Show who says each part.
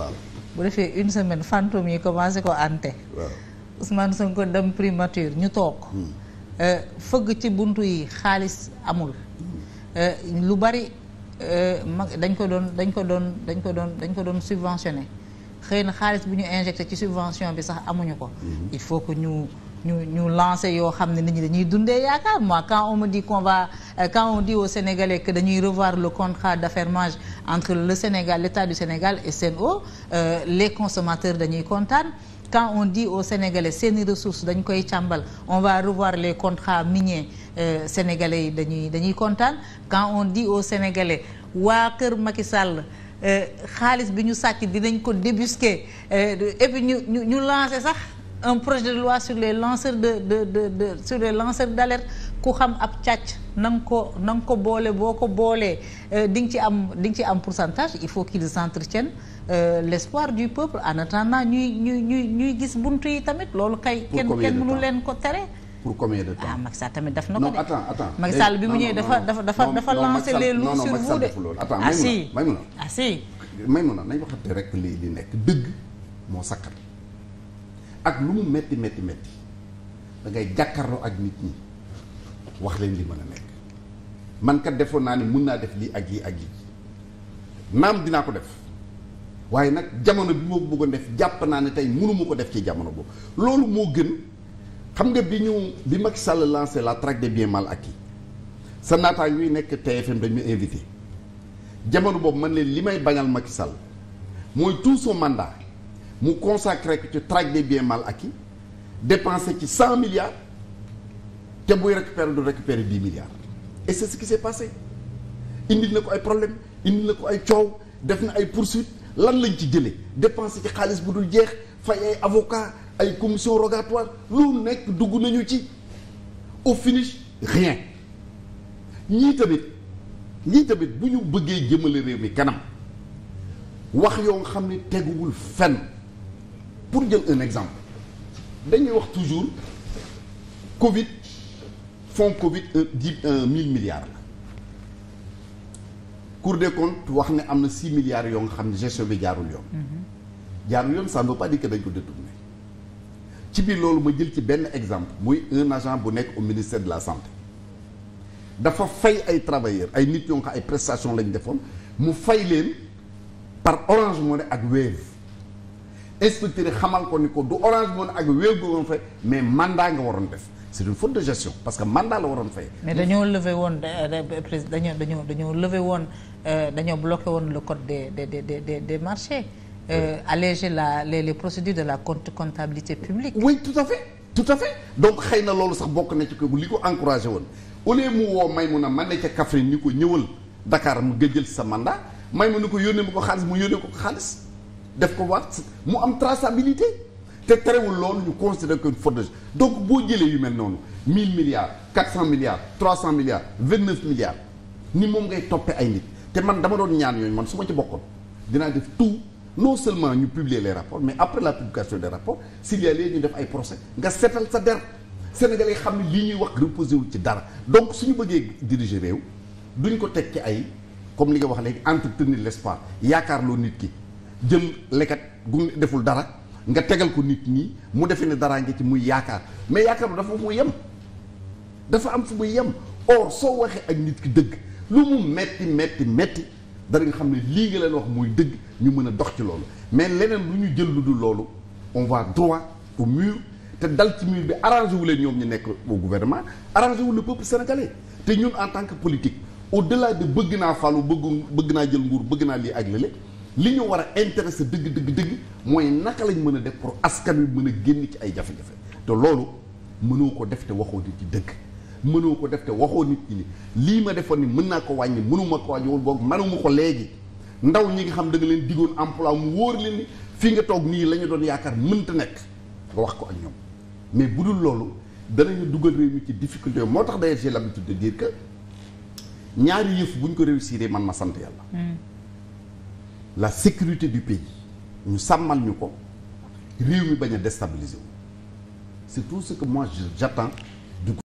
Speaker 1: waaw bu defee une semaine fantôme yi commencé ko ante waaw Ousmane Sonko dem primature ñu toog hmm. euh, fëgg ci bunt yi xaalis amul hmm. euh, lu bari euh, mag dañ ko doon dañ ko doon dañ ko doon dañ ko doon subventionné xëy na xaalis bu ñu injecté ci subvention bi sax amuñu ko hmm. il faut que ñu ñu ñu lancé yoo xam ne nit ñi dañuy dundee yaakaar moi quand on me dit qu'on euh, quand on dit aux Sénégalais que dañuy revoir le contrat d'affermage entre le Sénégal l'État du Sénégal et Sen'Eau euh, les consommateurs dañuy kontaan quand on dit aux Sénégalais seeni ressources dañ koy càmbal on va revoir les contrats miniers euh, yi dañuy dañuy kontaan quand on dit aux Sénégalais waa kër Macky Sall euh, xaalis bi ñu sàcc dinañ ko débusquer euh, et ñu ñu ñu sax un projet de loi sur les lanceurs de de de, de sur les lanceurs d'alerte ku xam ab càcc na nga ko na ko boole boo ko boolee euh, di nga ci am di nga ci am pour pourcentage il faut qu'ils entretiennent euh, l'espoir du peuple en attendant ñuy ñuy ñuy ñuy gis buntu yi tamit loolu kay kenn kenn mënu leen ko tere pour combien de temps ah Macky Sall tamit daf na ko de. non bi mu ñëwee dafa dafa dafa dafa lancé les loups sur vous de. Ah, ah si ah si.
Speaker 2: may mun a nañ waxante rek li li nekk dëgg moo sakkat. ak lu mu metti metti metti da ngay ak nit ñi wax leen li mën a nekk man kat defoon naa ne mun naa def lii ak lii ak yi naam dinaa ko def waaye nag jamono bi moo bëggoon def jàpp naa ne tey mënu mu ko def ci jamono boobu loolu moo gën xam nga bi ñu bi Macky Sall lancé la traque des biens ak yi sa naataango yi nekk TFM dañu invité jamono boobu man leen li may bañal Macky Sall mooy tout son mu consacré ko ci traque des biens mal acquis dépensé ci cent milliards te buy récupérer du récupérer dix milliards et c'est ce qui s'est passé indi na ko ay problème indi na ko ay coow def na ay poursuite lan lañ ci jëlee dépensé ci xaalis bu dul jeex fay ay avocat ay commission rogatoire lu nekk dugg nañu ci au finish rien ñii tamit ñii tamit bu ñu bëggee jëmale réew mi kanam wax yoo nga xam ne teguwul fen pour jël un exemple dañuy wax toujours Covid fonds Covid euh, dix euh, mille milliards la Cour des comptes wax ne am na six milliards yoo nga xam ne gestion bi jaarul yoon. Mhm. jaarul yoon ça ne veut pas dañ ko détourné ci biir loolu ma jël ci benn exemple muy un agent bu nekk au ministère de la santé dafa fay ay travailleurs ay nit yoo ay prestations lañ defoon mu fay leen par Orange Money ak Wave. inspecteur xamal ko ni ko du orange moom ak wéegu woon fay mais mandat nga waroon def c'est une faute de gestion parce que mandat la waroon fay.
Speaker 1: mais dañoo lever woon président dañoo dañoo dañoo lever woon euh, dañoo bloqué woon le code des des de des des marchés. Euh, alléger la les les procédures de la comptabilité publique. oui tout à fait
Speaker 2: tout à fait donc xëy na loolu sax bokk na ci ko li ko encouragé woon au lieu mu woo may mu a man ne ca Kaffrine ni ko ñëwal Dakar mu gëjël sa mandat may mu ni ko yónnee mu ko xaalis mu def ko wax mu am traçabilité te terewul loolu ñu considère que faute de donc boo jëlee yu mel noonu 1000 milliards 400 milliards 300 milliards 29 milliards ni moom ngay toppee ay nit te man dama doon ñaan yooyu man su ma ci bokkoon dinaa def tout non seulement ñu publier les rapports mais après la publication des rapports s'il y a lieu ñu def ay procès nga seetal sa der Sénégalais yi xam ne lii ñuy wax reposé wul ci dara donc suñu bëggee diriger réew duñ ko teg ci ay comme li nga wax léegi entretenir l'espoir yaakaar loo nit ki jëm lekkat gu deful dara nga tegal ko nit ñi mu defe ne daraa ngi ci muy yaakaar mais yaakaar dafa mu yem dafa am fu muy yem or soo waxee ak nit ki dëgg lu mu metti metti metti dara nga xam ne lii nga leen wax muy dëgg ñu mën a dox ci loolu mais leneen lu ñu jël lu dul loolu on va droit au mur te dal ci mur bi arrangé wu leen ñoom ñu nekk au gouvernement arrangé wu le peuple te ñun en tant que politique au delà de bëgg naa falu bëgg bëgg naa jël nguur bëgg naa lii ak lële li ñu war a intéressé dëgg dëgg dëgg mooy naka lañ mën a def pour askan wi mën a génn ci ay jafe-jafe te loolu mënoo ko def te waxoo nit ci dëgg mënoo ko def te waxoo nit ñi lii ma defoon ni mën naa ko wàññi mënuma ko wàññi woon boog manuma ko léegi ndaw ñi nga xam da leen diggoon emploi mu wóor leen fii nga toog nii la ñu doon yaakaar mënta nekk nga wax ko ak ñoom mais bu dul loolu danañu dugal réew mi ci difficulté moo tax d'ailleurs j'ai l'habitude de dire que ñaari yëf bu ko réussir man ma sant yàlla mm. la sécurité du pays ñu sàmmal ñu ko réew mi bañ a déstabiliser c'est tout ce que moi j'attends